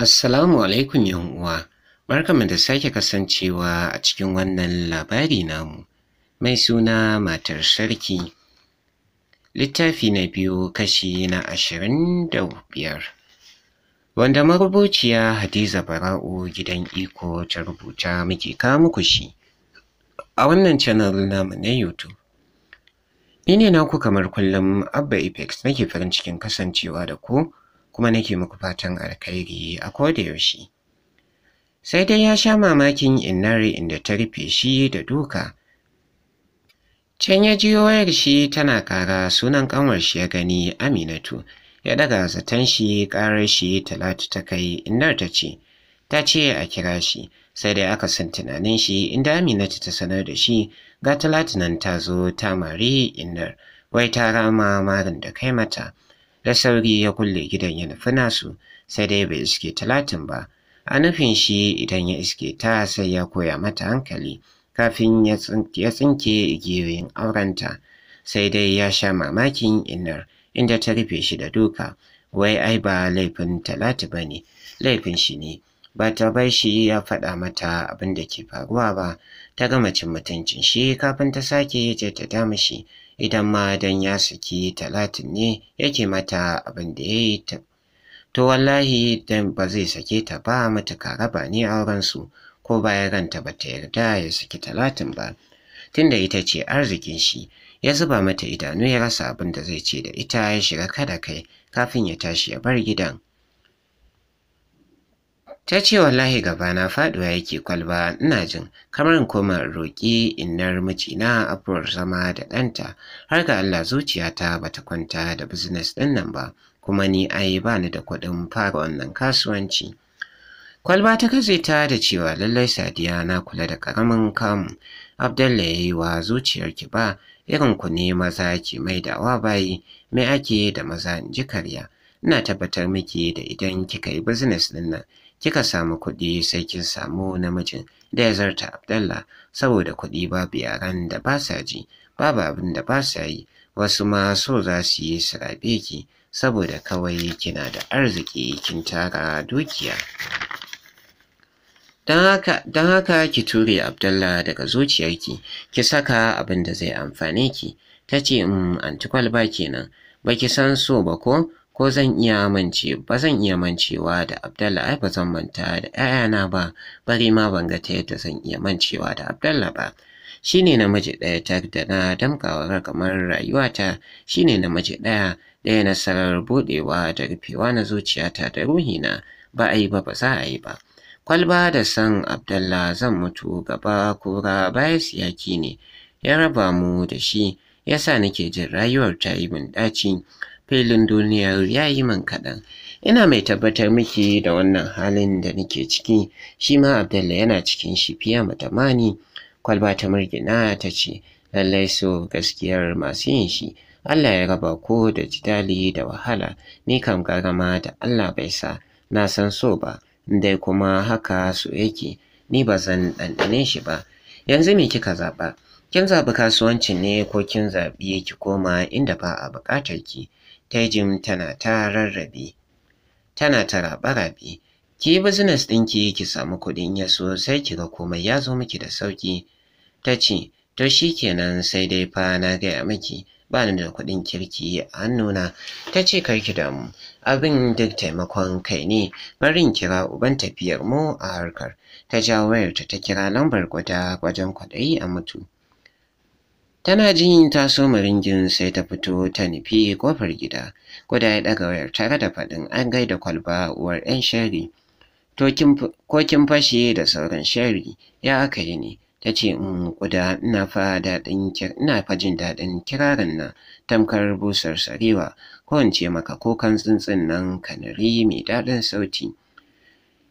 Assalamu alaikum uwa. Barkamu da sake kasancewa a cikin wannan labari namu. Mai suna matar sarki. Littafi na biyu kashi na ashirin da biyar. Wanda marubuciya Hadiza Bara'u gidan iko ta rubuta muke kawo muku shi. A wannan channel namu na YouTube. Ni ne naku kamar kullum Abba Apex nake farin cikin kasancewa da ku. kuma nake muku fatan alkhairi a koda yaushe sai dai ya sha mamakin innar inda ta rufe shi da duka can ya jiyo wayar shi tana kara sunan kanwar shi ya gani aminatu ya daga zaton shi karar shi talatu ta kai innar ta ce ta ce a kira shi sai dai aka san tunanin shi inda aminatu ta sanar da shi ga talatu nan ta zo ta mari inar. wai ta rama marin da kai mata da sauri ya kulle gidan ya nufi nasu sai dai bai iske talatin ba a nufin shi idan ya iske ta sai ya koya mata hankali kafin ya tsinke igiyoyin aurenta sai dai ya sha mamakin innar inda ta rufe shi da duka wai ai ba laifin talatu ba ne laifin shi ne ba ta bar shi ya faɗa mata abin da ke faruwa ba ta gama cin mutuncin shi kafin ta sake ya ce ta damu shi idan ma dan ya saki talatin ne yake mata abin da ya yi ta to wallahi dan ba zai sake ta ba matuka raba ne aurensu ko bayan ranta ba ta yarda ya saki talatin ba tunda ita ce arzikin shi ya zuba mata idanu ya rasa abin da zai ce da ita ya shiga kada kai kafin ya tashi ya bar gidan ta ce wallahi gaba na faduwa yake kwalba ina jin kamar in koma roƙi innar mijina afuwar zama da ɗanta har ga Allah zuciyata bata kwanta da business ɗin nan ba kuma ni ai ba ni da kuɗin fara wannan kasuwanci kwalba ta kaze ta da cewa lallai sadiya na kula da karamin kamun abdalla ya yi wa zuciyarki ba irin ku ne maza ke maidawa bayi me ake da maza in ji karya ina tabbatar miki da idan kika yi business ɗin nan kika samu kuɗi sai kin samu namijin da ya zarta Abdallah saboda kuɗi babu yaran da ba sa ji babu abin da ba sa yi wasu ma so za su yi su rabe ki saboda kawai kina da arziki kin tara dukiya don haka ki ture abdullah daga zuciyarki ki saka abin da zai amfane ki ta ce in mm, antikwal ba kenan baki san so ba ko ko zan iya mance ba zan iya mancewa da Abdallah ai ba zan manta da ƴaƴana ba bari ma ban ga ta yadda zan iya mancewa da Abdallah ba shine namiji ɗaya ta da na damkawa kamar rayuwata shine namiji ɗaya ɗaya nasarar buɗewa da rufewa na zuciyata da ruhina ba a yi ba ba za a yi ba kwalba da san abdallah zan mutu gaba kura baya siyaki ne ya raba mu da shi yasa nake jin rayuwar ta yi min ɗaci filin duniyar ya yi man kaɗan. Ina mai tabbatar miki da wannan halin da nake ciki, shi ma Abdullah yana cikin shi fiye matamani. Kwalba ta murgina ta ce, lallai so gaskiyar masu yin shi. Allah ya raba ko da jidali da wahala, ni kam garama da Allah bai sa, na san so ba, dai kuma haka so yake, ni ba zan ɗanɗane shi ba. Yanzu me kika zaɓa? Kin zaɓi kasuwancin ne ko kin zaɓi ki koma inda ba a buƙatar ki? taijim tana ta rarrabe tana ta raɓe ki business ɗin ki samu kuɗin ya so sai ki ga komai ya zo miki da sauki ta ce to shikenan sai dai fa na gaya miki ba ni da kuɗin kirki a hannuna ta ce ki damu abin duk taimakon kai ne barin kira uban tafiyar mu a harkar ta ja wayarta ta kira lambar gwada wajen kwaɗayi a mutu Tana jin ta so ringin sai ta fito ta nufi kofar gida. da ya ɗaga wayar tare da faɗin an gaida kwalba uwar 'yan shari. Ko kin fashe da sauran shari ya aka yi ne. Ta ce mm, in kuda ina fa jin daɗin kirarin nan tamkar busar sarewa ko in ce maka kokan tsuntsun nan kanari mai daɗin sauti.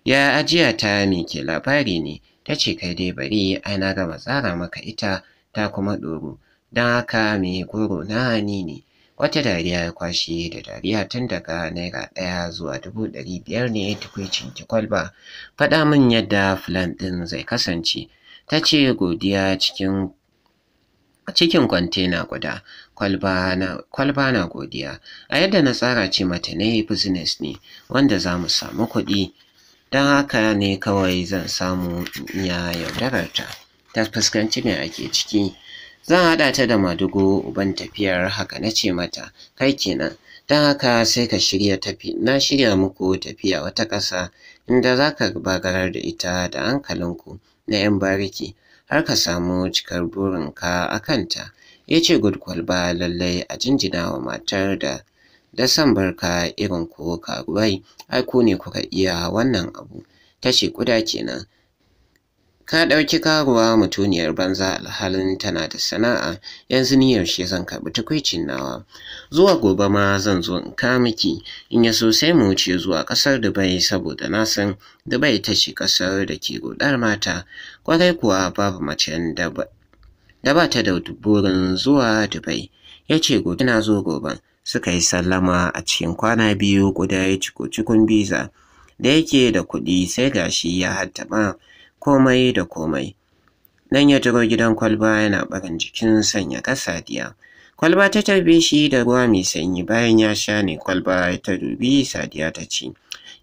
Ya ajiya ta me ke labari ne ta ce kai dai bari Ana na gama tsara maka ita ta kuma ɗoro don haka mai goro na ne wata dariya ya kwashe da dariya tun daga naira ɗaya zuwa dubu ɗari biyar ne tukwicin cinki kwalba faɗa min yadda filan ɗin zai kasance ta ce godiya cikin cikin kwantena guda kwalba na godiya a yadda na tsara ce mata ne business ne wanda za mu samu kuɗi don haka ne kawai zan samu ya yaudararta. ta fuskanci me ake ciki zan haɗa ta da madugo uban tafiyar haka na ce mata kai kenan don haka sai ka shirya tafi na shirya muku tafiya wata ƙasa inda za ka bagarar da ita da hankalinku na 'yan bariki har ka samu cikar burinka a kanta ya ce gudkwal ba lallai a jinjina wa matar da da san barka irin ko karuwai ai ku ne kuka iya wannan abu ta ce kuda kenan ka ɗauki karuwa mutuniyar banza alhalin tana da sana'a yanzu ni yaushe zan karɓi tukwicin nawa zuwa gobe ma zan zo in ka miki in ya sosai mu wuce zuwa ƙasar dubai saboda na san dubai ta ce ƙasar da ke gudar mata kwarai kuwa babu mace da ba ta da burin zuwa dubai ya ce gobe na zo gobe suka yi sallama a cikin kwana biyu guda ya ciko cikin biza da yake da kuɗi sai gashi ya haddama. komai da komai. Nan ya jiro gidan kwalba yana barin jikin sanya ƙasa diya Kwalba ta tarbe shi da ruwa mai sanyi bayan ya sha ne kwalba ta dubi Sadiya ta ce,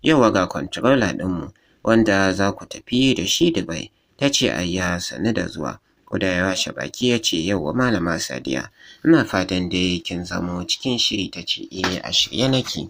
Yau ga kwantarola ɗinmu wanda za ku tafi da shi Dubai. Ta ce a yi sani da zuwa. Kuda ya washe baki ya ce wa malama Sadiya. Ina fatan dai kin zamo cikin shiri ta ce eh a shirye nake.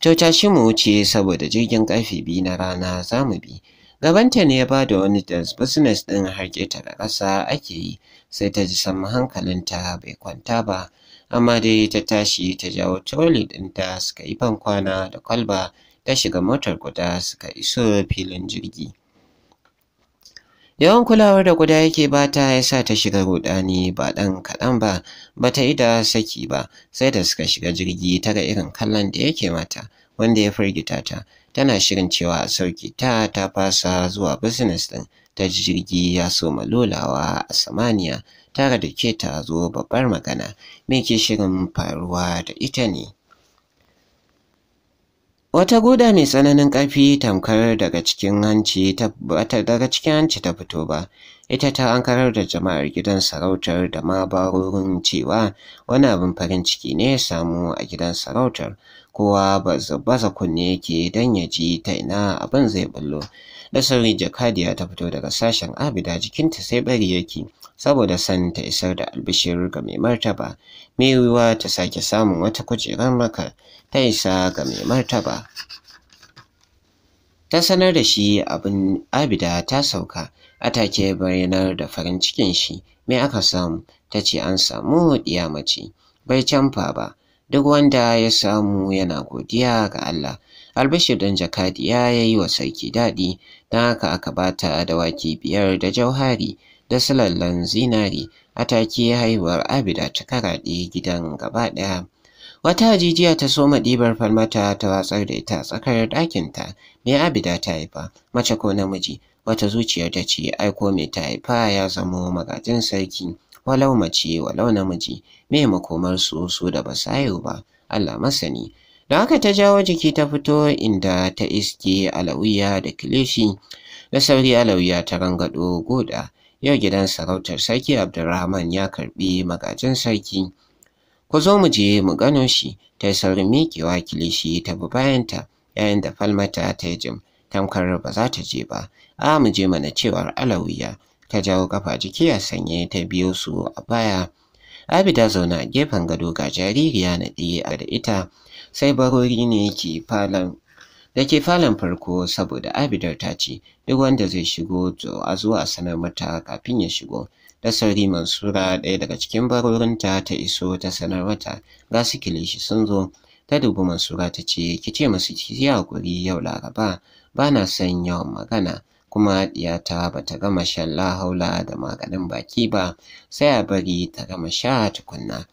To tashi mu wuce saboda jirgin ƙarfe biyu na rana za mu bi. Gabanta ne ya ba da wani dasbusnes ɗin harƙe ta da ƙasa ake yi, sai ta ji sama hankalinta bai kwanta ba, amma dai ta tashi ta jawo troli ɗinta suka yi bankwana da kwalba ta shiga motar guda suka iso filin jirgi. Yawan kulawar da guda yake bata ya sa ta shiga rudani ba ɗan kaɗan ba, bata yi da saki ba, sai da suka shiga jirgi ta ga irin kallon da yake mata, wanda ya firgita ta. tana shirin cewa a sauke ta ta fasa zuwa business din ta jirgi ya soma lolawa a samaniya tare da ke ta zo babbar magana me ke shirin faruwa da ita ne Wata guda mai tsananin ƙarfi tamkar daga cikin hanci ta daga cikin hanci ta fito ba, ita ta ankarar da jama'ar gidan sarautar da ma barorin cewa wani abin farin ciki ne ya samu a gidan sarautar, kowa baza kunne yake don ya ji ta ina abin zai bullo. Da sauri jakadiya ta fito daga sashen abida jikinta sai bari yake. saboda san ta isar da albishir ga mai martaba mai yiwuwa ta sake samun wata kujerar maka ta isa ga mai martaba ta sanar da shi abin abida ta sauka a take bayanar da farin cikin shi mai aka samu ta ce an samu diya mace bai canfa ba duk wanda ya samu yana godiya ga Allah albishir dan jakadiya ya yi wa sarki daɗi don haka aka bata dawaki biyar da jauhari da silallan zinari a take haihuwar abida ta karaɗe gidan gaba ɗaya wata jijiya ta soma ɗibar falmata ta watsar da ita tsakar ɗakinta mai abida ta haifa mace ko namiji wata zuciyar ta ce aiko mai ta haifa ya zamo magajin sarki walau mace walau namiji mai makomar su su da basayo ba Allah masani da haka ta jawo jiki ta fito inda ta iske alawiya da kilishi da sauri alawiya ta rangado goda yau gidan sarautar sarki abdulrahman ya karɓi magajin sarki ku zo mu je mu gano shi ta yi saurin miƙewa kilishi ta bi bayanta yayin da falmata ta yi jim tamkar ba za ta je ba a mu je mana cewar alawiya ta jawo kafa jiki a sanye ta biyo su a baya abi ta zauna gefen gado ga jaririya na ɗaya a da ita sai barori ne ke falon da ke falon farko saboda abidar ta ce duk wanda zai shigo to a zuwa sanar mata kafin ya shigo da sauri mansura ɗaya daga cikin barorinta ta iso ta sanar wata ga su kilishi sun zo ta dubi mansura ta ce ki ce musu ki hakuri yau laraba ba na son yawan magana kuma diyata ba ta gama shan lahaula da maganin baki ba sai a bari ta gama sha tukunna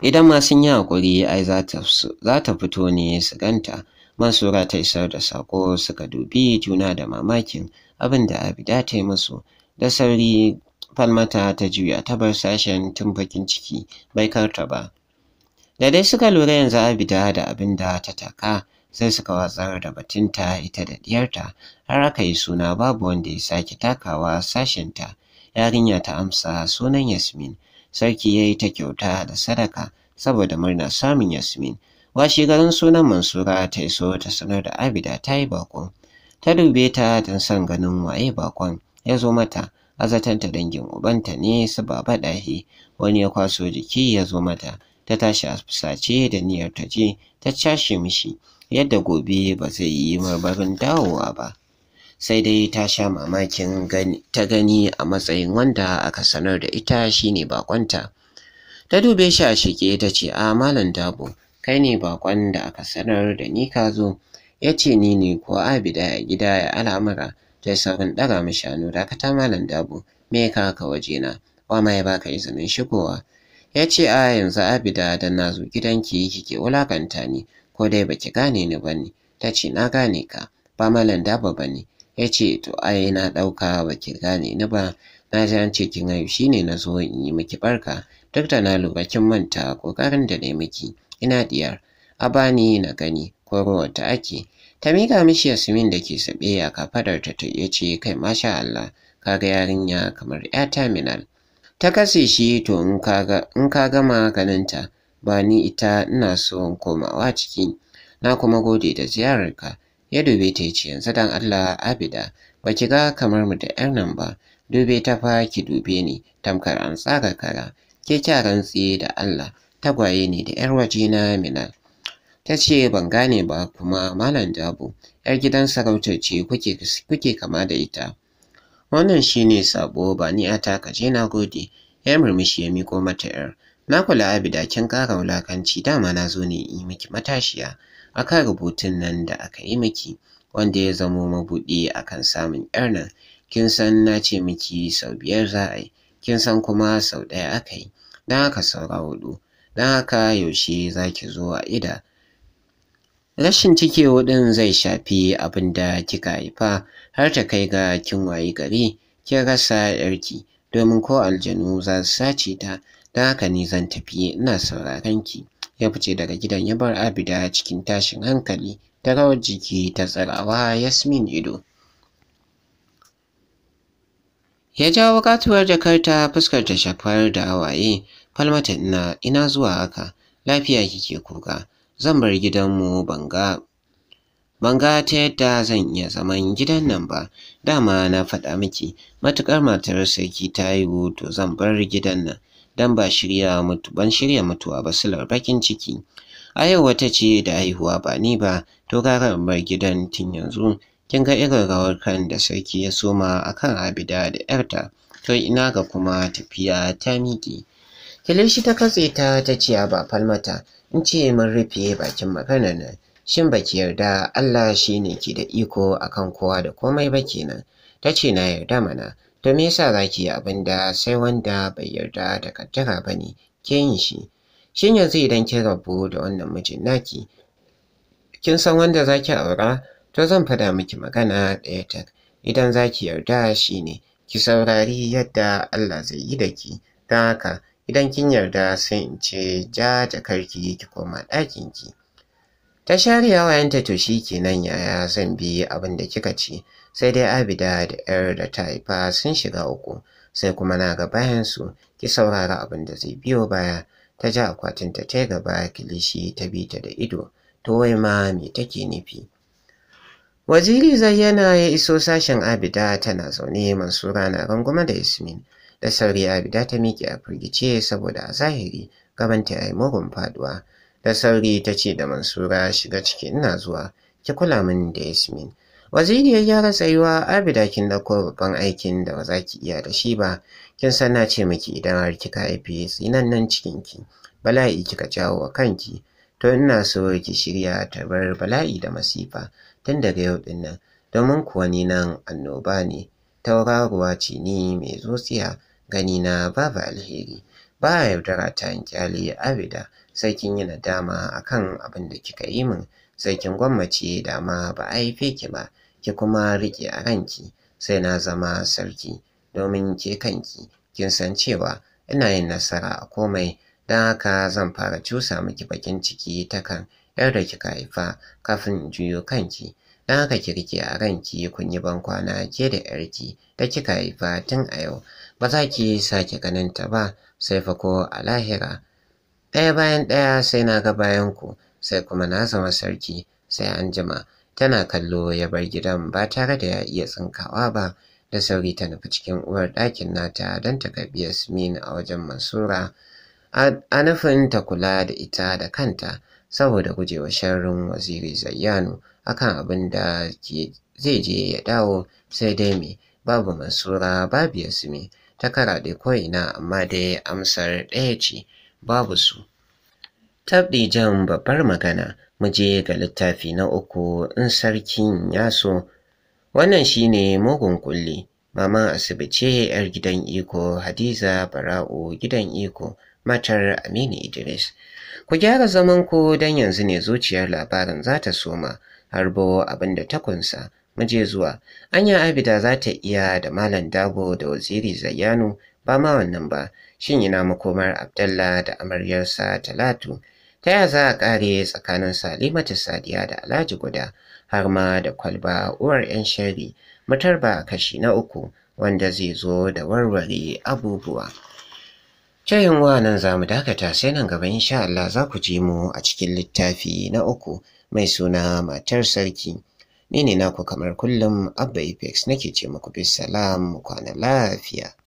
idan ma sun yi hakuri ai za ta fito ne su ganta Mansura ta isar da sako suka dubi juna da mamakin abin da Abida ta yi musu. Da sauri Falmata ta juya ta bar sashen tun bakin ciki bai karta ba. Da dai suka lura yanzu Abida da abin da ta taka sai suka watsar da batunta ita da ɗiyarta, har aka yi suna babu wanda ya sake takawa sashenta. Yarinya ta amsa sunan Yasmin. Sarki ya yi ta kyauta da sadaka saboda murna samun Yasmin. Washi garin sunan Mansura ta iso ta sanar da Abida ta yi bakon. Ta dube ta don san ganin waye bakon ya zo mata. ta dangin ubanta ne su baba dahi wani ya kwaso jiki ya zo mata. Ta tashi a fusace da niyyar ta je ta cashe mishi yadda gobe ba zai yi marmarin dawowa ba. sai dai ta sha mamakin ta gani a matsayin wanda aka sanar da ita shine bakonta ta dube shi a shike ta ce a malam dabo kai ne bakon da aka sanar da ni ka zo ya ce ni ne ko abida ya gida ya al'amura ta saurin ɗaga mu shanu ta malam dabo me ka ka na wa ma ya baka izinin shigowa ya ce a yanzu abida da na zo gidanki kike wulakanta ni ko dai baki gane ni bane ta ce na gane ka ba malam dabo bane ya ce to ai na ɗauka baki gane ni ba na ji an ce kin haihu shine na zo in yi miki barka duk da na lura kin manta ƙoƙarin da na miki ina diyar a bani na gani ko ruwata ake ta miƙa mishi yasmin da ke saɓe a kafadarta ta iya ce kai masha Allah kaga yarinya kamar ya terminal ta kase shi to in ka gama ganinta ba ni ita ina so in komawa ciki na kuma gode da ziyararka ya dube ta ce yanzu dan Allah abida ba ki ga kamar mu da yar nan ba dube ta fa ki dube ni tamkar an tsaga kara ke kyaran tsaye da Allah tagwaye ne da 'yar waje na Minna. Ta ce ban gane ba kuma Malam Dabo, 'yar gidan sarautar ce kuke kama da ita. Wannan shine ne sabo ba ni a je na gode, ya murmushi ya miko mata 'yar. Na kula Abida kin kara wulakanci dama na zo ne yi miki matashiya akan rubutun nan da aka yi miki wanda ya zamo mabuɗi akan samun 'yar nan. Kin san na ce miki sau biyar za a yi, kin san kuma sau ɗaya aka yi, don haka saura huɗu. don haka yaushe za ki zo a ida rashin cikewa ɗin zai shafi abin da kika haifa har ta kai ga kin wayi gari kin rasa yarki domin ko aljanu za su sace ta don haka ni zan tafi ina sauraron ki ya fice daga gidan ya bar abida cikin tashin hankali ta rawar jiki ta tsarawa yasmin ido ya jawo katuwar jakarta fuskar ta shafar da hawaye Falmata ina ina zuwa haka lafiya kike kuka zan bar gidanmu banga banga ta yadda zan iya zaman gidan nan ba dama na faɗa miki matuƙar matar sarki ta haihu to zan bar gidan nan dan ba shirya mutu ban shirya mutuwa ba silar bakin ciki a yau wata ce da haihuwa ba ni ba to in bar gidan tun yanzu kin ga irin rawar kan da sarki ya soma akan abida da yarta to ina ga kuma tafiya ta miƙe Kilishi ta katse ta ta ce a ba falmata in ce mun rufe bakin magana nan. Shin baki yarda Allah shi ne ke da iko akan kowa da komai ba kenan. Ta ce na yarda mana. To me yasa za yi abin da sai wanda bai yarda da kaddara ba ne ke yin shi. Shin yanzu idan kin rabu da wannan mijin naki kin san wanda zaki aura to zan fada miki magana ɗaya tak idan zaki yarda shi ne ki saurari yadda Allah zai yi da ki don haka idan kin yarda sai in ce ja jakarki ki koma ɗakin ki ta share yawayenta to shi kenan yaya zan bi abin da kika ci sai dai abida da yar da ta haifa sun shiga uku sai kuma na ga bayansu ki saurara abin da zai biyo baya ta ja akwatinta ta gaba kilishi ta bi ta da ido to wai ma me take nufi waziri zayyana ya iso sashen abida tana zaune mansura na rangwame da yasmin da sauri Abida ta miƙe a firgice saboda a zahiri gaban ta yi mugun faduwa. Da sauri ta ce da Mansura shiga ciki ina zuwa ki kula min da Yasmin. Waziri ya gyara tsayuwa Abida kin dauko babban aikin da ba za ki iya da shi ba. Kin san na ce miki idan har kika haife nan cikin ki. Bala'i kika jawo wa kanki. To ina so ki shirya ta bar bala'i da masifa tun daga yau din Domin kuwa ni nan annoba ne. Tauraruwa ce ni mai zuciya gani na babu alheri ba yaudara ta in kyale abida sai kin yi nadama a kan abin da kika yi min sai kin gwammace da ma ba a haife ki ba ki kuma riƙe a ranki sai na zama sarki domin ke kanki kin san cewa ina yin nasara a komai don haka zan fara cusa miki bakin ciki ta kan yar da kika haifa kafin in juyo kanki don haka ki rike a ranki kun yi bankwana ke da yarki da kika haifa tun a yau ba za ki sake ganinta ba sai fa ko a lahira ɗaya bayan ɗaya sai na ga bayan ku sai kuma na zama sarki sai an jima tana kallo ya bar gidan ba tare da ya iya tsinkawa ba da sauri ta nufi cikin uwar ɗakin nata don ta karɓi yasmin a wajen mansura a nufin ta kula da ita da kanta saboda gujewa sharrin waziri zayyanu akan abin da zai je ya dawo sai dai me babu mansura babu yasmi ta karaɗe ko'ina amma dai amsar ɗaya ce babu su. Tabɗi jan babbar magana mu je ga littafi na uku in sarkin ya so. Wannan shine mugun kulli. Maman asibice 'yar gidan iko Hadiza Bara'u gidan iko matar Aminu Idris. Ku gyara zaman ku don yanzu ne zuciyar labarin za ta soma harbo abin da ta kunsa Muje zuwa anya abida za ta iya da malam dago da waziri zayanu ba ma wannan ba shin ina makomar abdallah da amaryar sa talatu ta ya za a kare tsakanin salimatu sadiya da alhaji guda har ma da kwalba uwar yan shari mutar ba kashi na uku wanda zai zo da warware abubuwa Cayin wa nan za mu dakata sai nan gaba insha Allah za ku ji mu a cikin littafi na uku mai suna matar sarki. ni ne naku kamar kullum abba apex nake ce muku bisalam mu kwana lafiya